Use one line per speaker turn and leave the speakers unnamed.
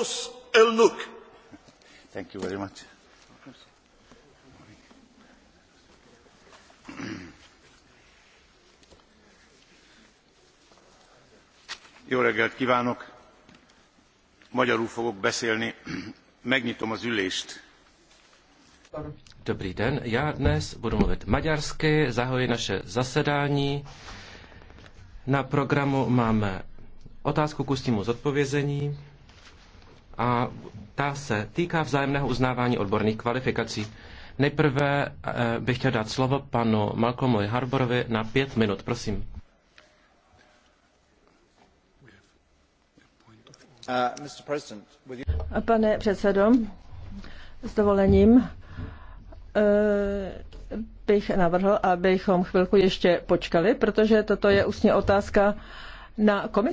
Os el Elnuk.
Thank you very much.
Jó reggelt kívánok! Magyarul fogok beszélni. Megnyitom az ülést.
Dobrý den, já dnes budu mluvit maďarsky, zahoji naše zasedání. Na programu máme otázku k ústnímu zodpovězení a ta se týká vzájemného uznávání odborných kvalifikací. Nejprve eh, bych chtěl dát slovo panu Malcolmu Harborovi na pět minut, prosím.
Uh, Pane předsedo, s dovolením eh, bych navrhl, abychom chvilku ještě počkali, protože toto je ústní otázka na komisi.